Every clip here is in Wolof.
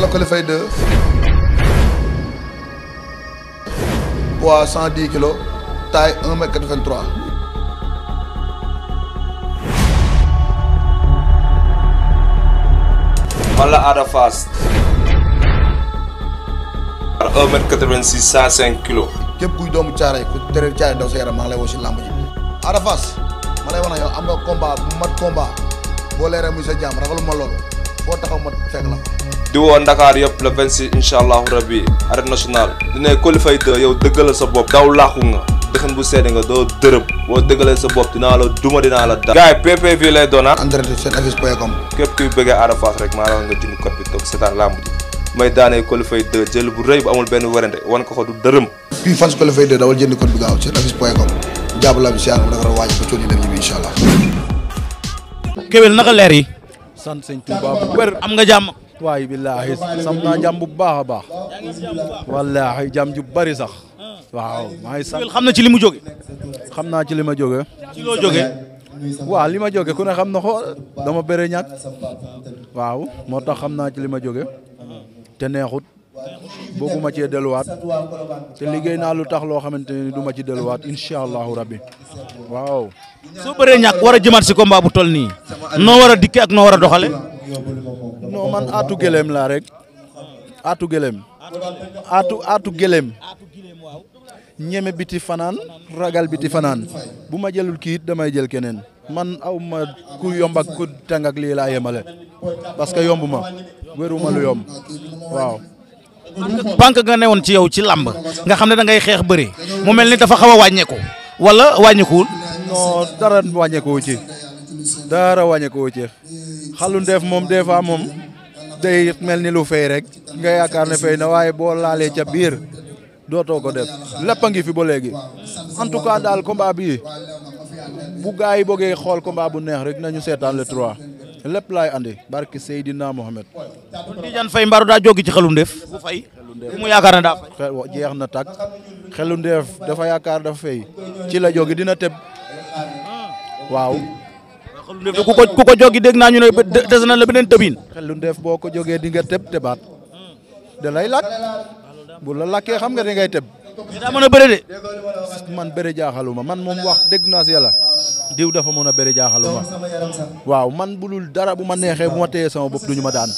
la Colifay 2 poids 110 kilos taille 1 mètre 83 man la Ada Fass 1 mètre 86 105 kilos képp kuy doomu caare ku tere caare ma lay wax na yow am nga combat bu mat combat boo leeree muy sa jàmm ragalu ma loolu foo taxaw ma fekk la di woo Ndakaar yëpp le 26 incha allahu rabi arène nationale di ne Coly yow dëggalal sa bopp daw laaxu nga dëxan bu seede nga doo dërëm boo dëggalee sa bopp dinaa la duma dinaa la da gars yi PPV lay doona ah. entretien seen affiche point com képp kuy bëggee Ada Fass rek maa nga jënd code bi toog seetaan lamb ji may daanee Coly jël bu rëy bu amul benn werante wan ko ko du dërëm kuy fans Coly dawal jënd code bi gaaw seen affiche point sant sëñ Touba bu wér. am nga jàmm. waay billaahi sam naa jàmm bu baax a baax. wallaahi jàmm ju bari sax. Ah. waaw maa ngi sant xam na ci li mu jóge xam naa ci li ma jóge ci joge jóge li ma jóge ku ne xam na xool dama bere ñàkk waaw moo tax xam naa ci li ma jóge ah. te neexut. bëgguma ci delluwaat te liggéey naa lu tax loo xamante ni du ma ci delluwaat incha allahu rabbi waaw. soo bëree ñàkk war a jëmaat si combat bu toll nii noo war a dikkee ak noo war a doxale non man aatu gëléem laa rek aatu gëléem aatu aatu gëléem ñeme biti fanaan ragal biti fanaan bu ma jëlul kiit damay jël keneen man aw ma ku yomb ak ku tàng ak lii laa yemale parce que yomb ma wéru lu yomb waaw. pànk nga newoon ci yow ci làmb nga xam ne dangay xeex bëri mu mel ni dafa xaw a wàññeeku wala wàññeekuwul. non dara wàññeekoo ci dara wàññeekoo ci xalu ndeef moom des fois moom day mel ni lu fay rek nga yaakaar ne fay na waaye boo laalee ca biir dootoo ko def lépp a ngi fi ba léegi en tout cas daal combat bi bu gaa yi bëggee xool ko combat bu neex rek nañu seetaan le troit lépp laay andi barke Seydina Mohamed. kon Tidiane Faye mbaaru daa jóg ci xelu ndeef bu fay. mu yaakaar na daa fay jeex na takk xelu ndeef dafa yaakaar dafa fay ci la jógi dina teb waaw. xelu ndeef ku ko ku ko jógi naa ñu ne des na la beneen tëbin. xelu boo ko jógee di nga teb tebaat da lay lakk bu la lakkee xam nga di ngay teb. daa mën a bëre de. man moom wax dégg naa la diw dafa mën a bëri jaaxal ma waaw man bu dul dara bu ma neexee bu ma téye sama bopp duñu ma daan.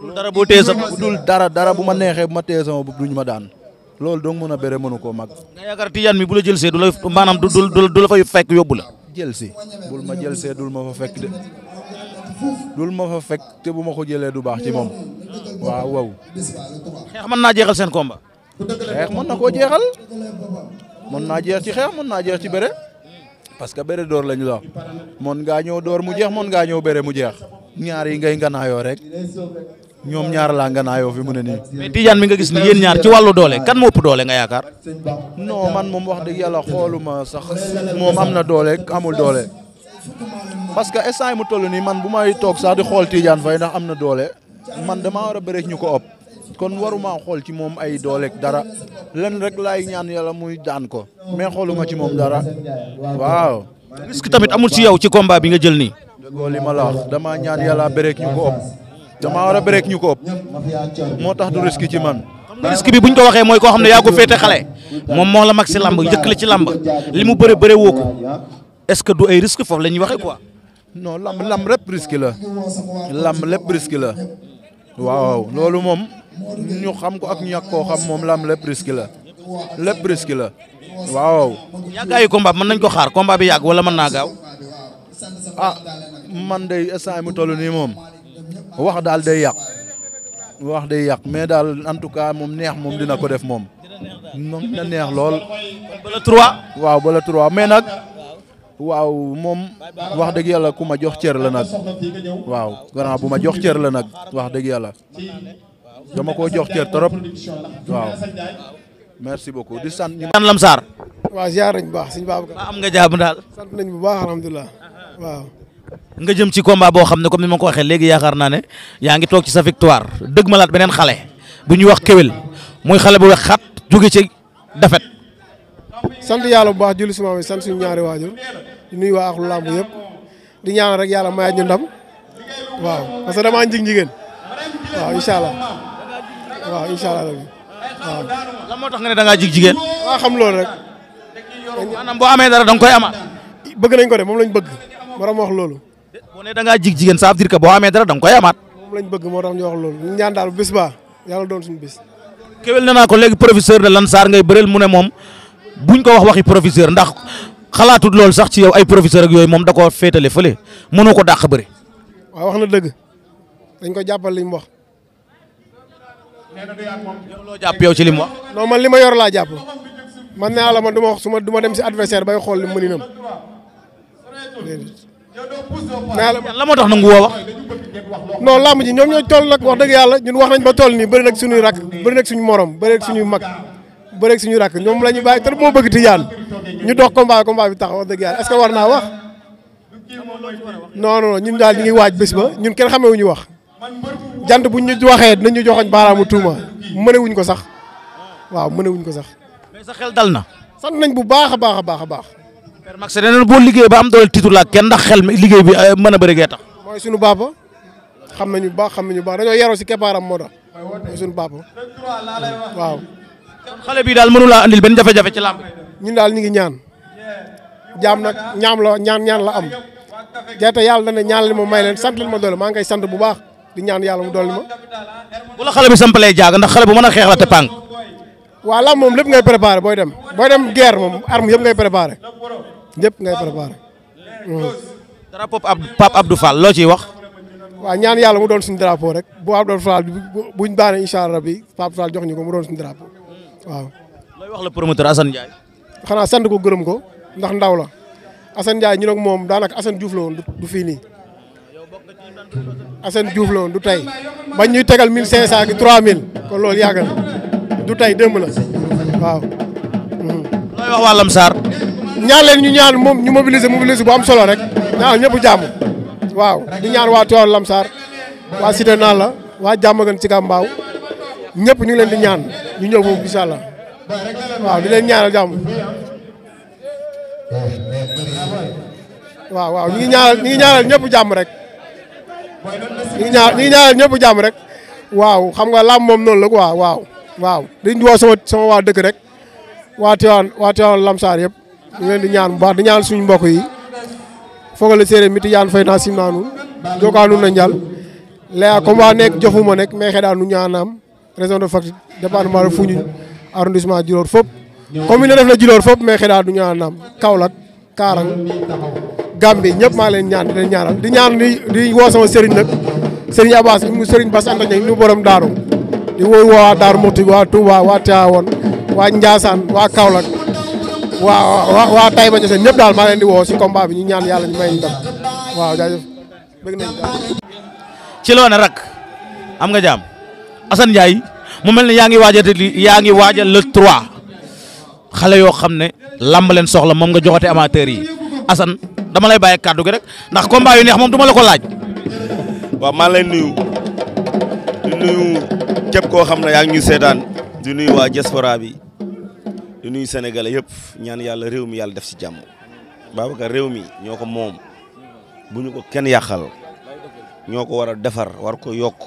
bu dara boo téye sa dara dara bu ma neexee bu ma téye sama ma daan loolu dong mën a bëre mënu koo mag. nga yaakaar mi bu la jël see du la maanaam du du du la fay fekk yóbbu la. jël si bul ma jël see dul ma fa fekk de dul ma fa fekk te bu ma ko jëlee du baax ci moom waaw waaw. xeex mën naa jeexal seen combat. xeex mën na koo jeexal mën naa jeex ci xeex mën naa jeex ci bëre. parce que bëre door la ñu wax moon ngaa ñëw door mu jeex moon ngaa ñëw bëre mu jeex ñaar yi ngay nganaayoo rek ñoom ñaar laa nganaayoo fi mu ne nii. mais Tidiane mi nga gis ni yéen ñaar ci wàllu doole kan moo ëpp doole nga yaakaar. non man moom wax dëgg yàlla xooluma sax moom am na doole amul doole parce que instant mu toll nii man bu may toog sax di xool Tidiane Faye ndax am na doole man dama war a bëre ñu ko ëpp. kon waruma xool ci moom ay dooleeg dara lenn rek laay ñaan yàlla muy daan ko mais xooluma ci moom dara waaw. risque tamit amul ci yow ci combat bi nga jël nii. déggoo ma la damaa ñaan yàlla bëreeg ñu ko ëpp damaa war a bëreeg ñu ko ëpp moo tax du risque ci man. risque bi buñ ko waxee mooy koo xam ne yaa ko féete xale moom moo la mag si lamb njëkk la ci lamb li mu bëre bëre ko est-ce que du ay risque foofu la ñuy waxee quoi. non lamb lamb lépp risque la làmb lépp risque la waaw loolu moom. ñu xam ko ak ñàkk koo xam moom lam lépp risque la lépp risque la waaw. ko combat mën nañ ko xaar combat bi yàgg wala man naa gaaw. ah man de instant mu toll nii moom wax daal day yàq wax day yàq mais daal en tout cas moom neex moom dina ko def moom moom dina neex lool. bala trois. waaw bala trois mais nag. waaw moom wax dëgg yàlla ku ma jox ceer la nag waaw grand bu ma jox ceer la nag wax dëgg yàlla. dama ko jox cër trop waaw merci beaucoup di sant ñu. Lam Sarr. waaw ziar baax am nga jàmm daal. sant nañ bu baax alhamdulilah waaw. nga jëm ci combat boo xam ne comme ni ma ko waxee léegi yaakaar naa ne yaa ngi toog ci sa victoire dëgg malaat beneen xale bu ñuy wax Kewel muy xale bu wex xat jóge ci dafet sant yàlla bu baax julli si maam yi sant suñu ñaari waajur di nuyu waa axlu làmb yëpp di ñaan rek yàlla mayaat ñu ndam waaw parce damaa njig njigéen waaw incha allah waaw incha allah moo tax nga ne da ngaa jig jigéen. waaw xam loolu rek. boo amee dara da nga koy amaat. bëgg nañ ko de moom lañ bëgg. borom wax loolu. boo da ngaa jig jigéen ça veut dire boo amee dara da nga koy amaat. moom lañ bëgg moo tax ñu wax loolu ñaan daal bis ba yàlla doon suñu bis. kéwél nee naa ko léegi professeur de Lansar ngay bëreel mu ne moom buñ ko wax waxi professeur ndax xalaatut loolu sax ci yow ay professeur ak yooyu moom da koo féetale fële mënoo ko dàq bëri. waaw wax na dëgg dañ ko jàppal li wax nee na loo jàpp yow ci li mu wax. li ma yor laa jàpp man naa la man du ma wax su ma du dem si adversaire bay xool li mu mëninam naa la la ma tax nangu woo wax. non làmb ji ñoom ñooy toll nag wax dëgg yàlla ñun wax nañ ba toll nii bari nag suñu rakk bëri nag suñu morom bëri nag suñuy mag bëri nag suñuy rakk ñoom la ñu bàyyi te moo bëgg Tijaan ñu dox combat combat bi tax wax dëgg yàlla est war naa wax. non non ñun daal ñu ngi waaj bés ba ñun kenn ñu wax. jant bu ñu waxee dinañ ñu joxoñ baaraamu tuuma mënewuñ ko sax waaw mënewuñ ko sax. sax xel dal na. sant nañ bu baax a baax a baax a baax. Père Max nee boo liggéey ba am doole titre la kenn ndax xel liggéey bi euh, mën a bëri gee tax. mooy sunu papa xam nañu baax xam nañu baax dañoo yaroo si keppaaram moo tax mooy sunu waaw. xale bi daal mënu laa andil benn jafe ci làmb. ñun daal ñu ngi ñaan jaam nag ñaam la ñaan ñaan la am gerte yàlla na ñaan leen ma may leen sant leen ma doole maa ngi sant bu baax di ñaan yàlla mu dolli ma. bu la xale bi sampalee jaaga ndax xale bu mën a xeex la te pànk. waaw moom lépp ngay préparé booy dem booy dem guerre moom arme yëpp ngay préparé yëpp ngay préparé. Hmm. drapeau Pape Abdou Fall loo ciy wax. waaw ñaan yàlla mu doon suñu drapeau rek bu Pape Abdou Fall buñ daane incha allah bi Pape Fall jox ñu ko mu doon suñu drapeau waaw. looy wax la promoteur Assane Ndiaye. xanaa sant ko gërëm ko ndax ndaw la Assane Ndiaye ñu nag moom daanaka Assane Diouf la woon du fii nii. Assane Diouf la woon du tey bañ ñuy tegal 1500 gi 3000 kon loolu yàgg na du tey démb la waaw. Mhm. looy wax waa Lamsar. ñaan leen ñu ñaan moom ñu mobiliser mobiliser bu am solo rek ñaan ñëpp jàmm waaw di ñaan waa Tivaouane Lamsar waa Cité la waa Diamaguène Sicap Mbao ñëpp ñu ngi leen di ñaan ñu ñëw foofu incha allah waaw di jàmm. waaw waaw ñu ngi ñaanal ñu ngi ñaanal ñëpp jàmm rek. ñu ñaar ñu ñaanal jàmm rek waaw xam nga làmb moom noonu la quoi waaw waaw diñ woo sama sama waa dëkk rek waa Tiwaan waa Tiwaan Lamsaar yëpp ñu ñaan bu baax di ñaan suñu mbokk yi fogale séeréer mi ti yaan fay naa simnaa nuun jokaa nuun na njal laya comme waa nekk jofuma nekk meexe daa nu ñaanaam région de Fatick département de Foundiougne arrondissement Djilor fop commune ne def na Djilor fop meexe daa nu ñaanaam Kaolack Kaarang Gambie ñëpp maa leen ñaan di leen ñaanal di ñaan di di woo sama sëriñ nag sëriñ Abass mu sëriñ Bass Anta Diagne ñu borom daaru di wooy waa Daaru Muxti waa waa Tivaouane waa Ndiassane waa Kaolack ñëpp daal maa leen di woo si combat bi ñaan yàlla ñu may ndam waaw jaajëf bëgg ci loone rak am nga jaam Assane mu mel ne yaa ngi waajal yaa ngi waajal le 3 xale yoo xam ne lamb leen soxla moom nga joxate amateur yi Assane dama lay bàyyi kàddu gi rek ndax combat yu neex moom duma la ko laaj. waaw maa lay nuyu di nuyu képp koo xam ne yaa ngi seetaan di nuyu waa diaspora bi di nuyu sénégalais yëpp ñaan yàlla réew mi yàlla def si jàmm Babacar réew mi ñoo ko moom bu ñu ko kenn yàqal ñoo ko war a defar war ko yokk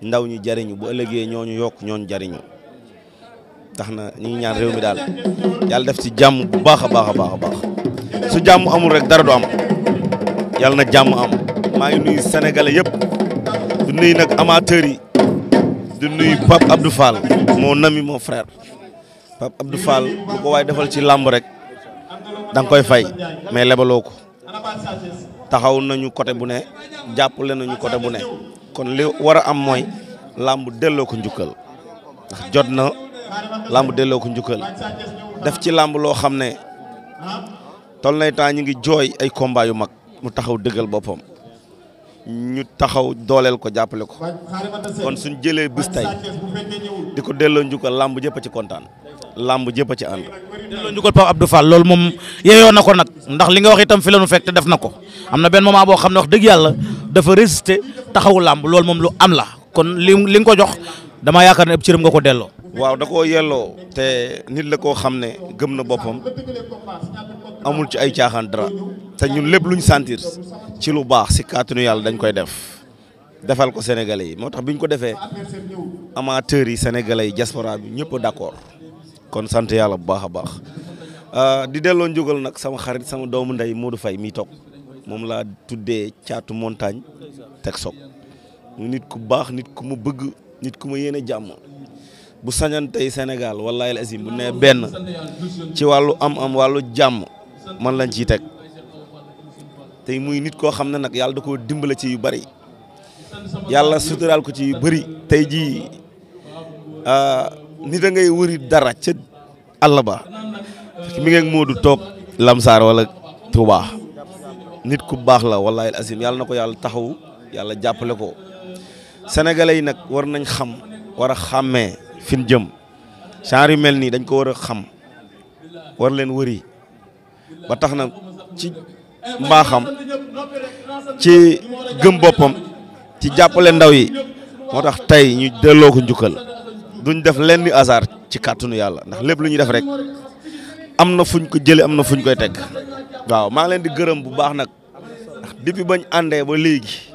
ndaw ñi jariñu bu ëllëgee ñooñu yokk ñooñu jariñu tax na ñu ngi réew mi daal yàlla def ci jàmm bu baax a baax a baax a baax. su jàmm amul rek dara du am yàlla na jàmm am maa nuyu sénégalais yëpp du nuyu nag amateurs yi du nuyu Pape Abdou Fall mon ami mon frère Pape Abdou Fall defal ci làmb rek da koy fay mais lebaloo ko taxaw nañu côté bu ne jàppale nañu côté bu ne kon li war a am mooy làmb dellooku ko njukkal jot na làmb dellooku ko njukkal def ci làmb loo xam ne tol nay temps ñu ngi jooy ay combat yu mag mu taxaw dëggal boppam ñu taxaw dooleel ko jàppale ko kon suñ jëlee bis tey di ko delloo njukkal làmb jëpp a ci kontaan làmb jëpp a ci ànd. delloo njukkal Pape Abdou Fall loolu moom yeyoon na ko nag ndax li nga wax itam fi la nu fekk te def na ko am na benn moment boo xam ne wax dëgg yàlla dafa résister taxawu làmb loolu moom lu am la kon li li nga ko jox dama yaakaar ne ëpp cëram nga ko delloo. waaw da koo yelloo te nit la koo xam ne gëm na boppam amul ci ay caaxaan dara te ñun lépp ñu sentir ci lu baax si kàttanu yàlla dañ koy def defal ko sénégalais yi moo tax bi ñu ko defee amateurs yi sénégalais yi diaspora bi ñëpp d'accord kon sant yàlla bu baax a baax euh, di delloo njugal nag sama xarit sama doomu ndey moo du Faye mi toog moom laa tuddee caatu montagne teg soog nit ku baax nit ku ma bëgg nit ku ma yéene jàmm bu sañan tey Sénégal wallaahi azim bu ne benn ci wàllu am-am wàllu jàmm man lañ ciy teg tey muy nit koo xam ne nag yàlla da koo dimbale ci bari yàlla suturaal ko ci bëri tey jii ah, nit a ngay wëri dara ca àll ba mi ngeeg Moodu toog Lamsaar wala Touba nit ku baax la wallaahi azim yàlla na ko yàlla taxaw yàlla jàppale ko sénégalais yi nag war nañ xam war a xàmmee. fin jëm genre yu mel nii dañ ko war a xam war leen wëri ba tax na ci mbaaxam ci gëm boppam ci jàppale ndaw yi moo tax tey ñu delloo ko njukkal duñ def leen lenn hasard ci kàttanu yàlla ndax lépp lu ñuy def rek am na fuñ ko jëlee am na fuñ koy teg waaw maa leen di gërëm bu baax nag ndax depuis bañ àndee ba léegi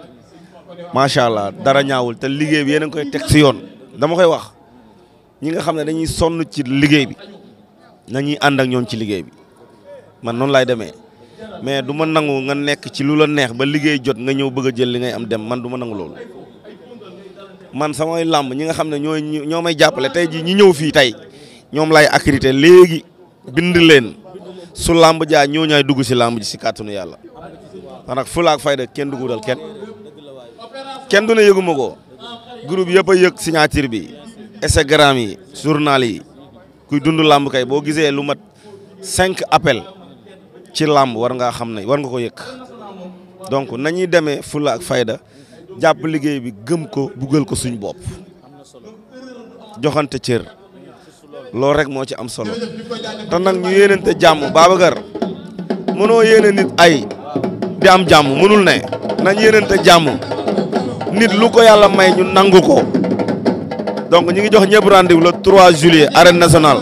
macha allah dara ñaawul te liggéey bi yéen a ngi koy teg si yoon dama koy wax. ñi nga xam ne dañuy sonn ci liggéey bi nañuy ànd ak ñoom ci liggéey bi man noonu laay demee mais du ma nangu nga nekk ci lu la neex ba liggéey jot nga ñëw bëgg a jël li ngay am dem man du ma nangu loolu man samay làmb ñi nga xam ne ñooy ñoo may jàppale tey jii ñi ñëw fii tey ñoom lay accrédité léegi bind leen su làmb jaa ñoo ñaay dugg si làmb ji si kàttanu yàlla ndax nag fulaak fayda kenn dal kenn kenn du ne yëguma ko groupe yëpp a yëg signature bi Instagram yi journal yi kuy dund làmb kay boo gisee lu mat cinq appel ci làmb war ngaa xam ne war nga ko yëkk donc nañuy demee fulla ak fayda jàpp liggéey bi gëm ko buggal ko suñ bopp joxante cër loolu rek moo ci am solo te nag ñu yéenante jàmm Babacar mënoo yéene nit ay di am jàmm mënul ne nañ yéenante jàmm nit lu ko yàlla may ñu nangu ko donc ñi ngi jox ñëpp rendez-vous le 3 juillet arène nationale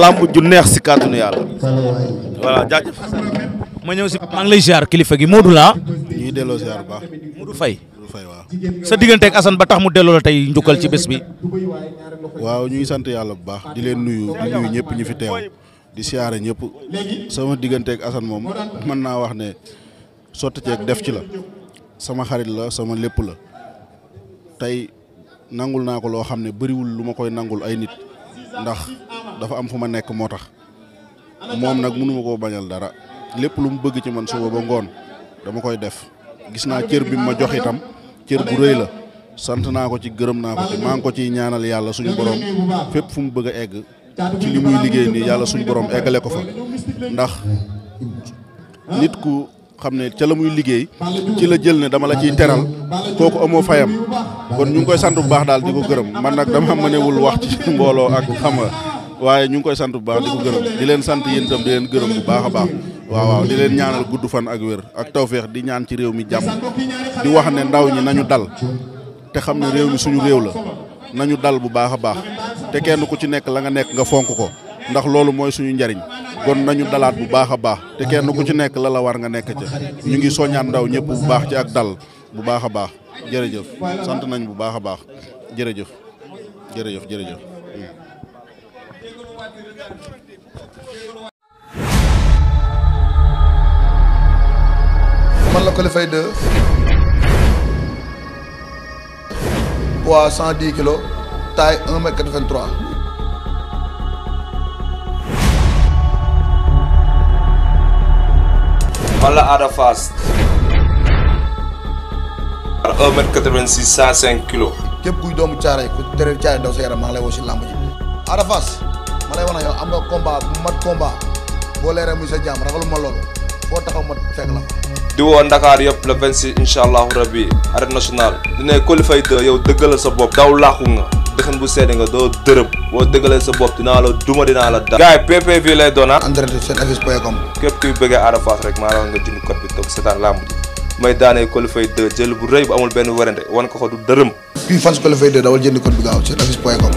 lamb ju neex si kàttanu yàlla ma ñëw si maa ngi lay kilifa gi Modou laa. ñu delloo ziar bu baax. Modou Faye Modou Faye waaw. sa diggante ak Assane ba tax mu delloo la tey njukkal ci bés bi. waaw ñu ngi sant yàlla bu baax di leen nuyu di ñëpp ñu fi teew di siyaare ñëpp sama diggante ak moom mën naa wax ne sotti ceeg def ci la sama xarit la sama lépp la tey. nangul naa ko loo xam ne bariwul lu ma koy nangul ay nit ndax dafa am fu ma nekk moo tax moom nag mënuma koo bañal dara lépp lu mu bëgg ci man suba ba ngoon dama koy def gis naa cër bi mu ma jox itam cër bu rëy la sant naa ko ci gërëm naa ko ci maa ngi ko ci ñaanal yàlla suñu borom fépp fu mu bëgg a egg ci li muy liggéey nii yàlla suñu borom eggale ko fa ndax nit ku xam ne ca la muy liggéey ci la jël ne dama la ciy teral kooku amoo fayam kon ñu ngi koy sant bu baax daal di ko gërëm man nag dama mënewul wax ci mbooloo ak xam nga waaye ñu ngi koy sant bu baax di ko gërëm di leen sant yéen itam di leen gërëm bu baax a baax waaw waaw di leen ñaanal gudd fan ak wér ak tawféex di ñaan ci réew mi jàmm di wax ne ndaw ñi nañu dal te xam ne réew mi suñu réew la nañu dal bu baax a baax te kenn ku ci nekk la nga nekk nga fonk ko ndax loolu mooy suñu njariñ kon nañu dalaat bu baax a baax te kenn ku ci nekk la la war nga nekk ca ñu ngi soññaat ndaw ñëpp bu baax ci ak dal bu baax a baax jërëjëf sant nañ bu baax a baax jërëjëf jërëjëf jërëjëf. man la Coly Faye 2 poids 110 kilos taille wala Ada Fass. par 1 mètre 86 105 kilos. képp kuy doomu caare ku tere caare daw sa yaram maa ngi lay woo si làmb ji. Ada ma lay wax ne yow am nga combat bu mat combat muy sa jaam ragaluma loolu foo taxaw ma fekk la. di Ndakaar yëpp le 26 incha allahu rabi arène nationale. dinañ qualifié yow dëggalal sa bopp. daw laaxu nga. dëxën bu seede nga doo dërëm boo dëggalee sa bopp dinaa la duma dinaa la da gars yi PPV lay doon ah en direct point com képp kuy bëggee Ada Fass rek maa nga jënd code bi toog seetaan lamb ji may daanee Colifay 2 jël bu rëy bu amul benn werante wan ko du dërëm kuy fans Colifay 2 dawal jënd code bi gaaw seen affiche point com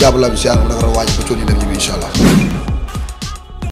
jàpp si àll bu naka la waaj ba coono dem ñibbi incha allah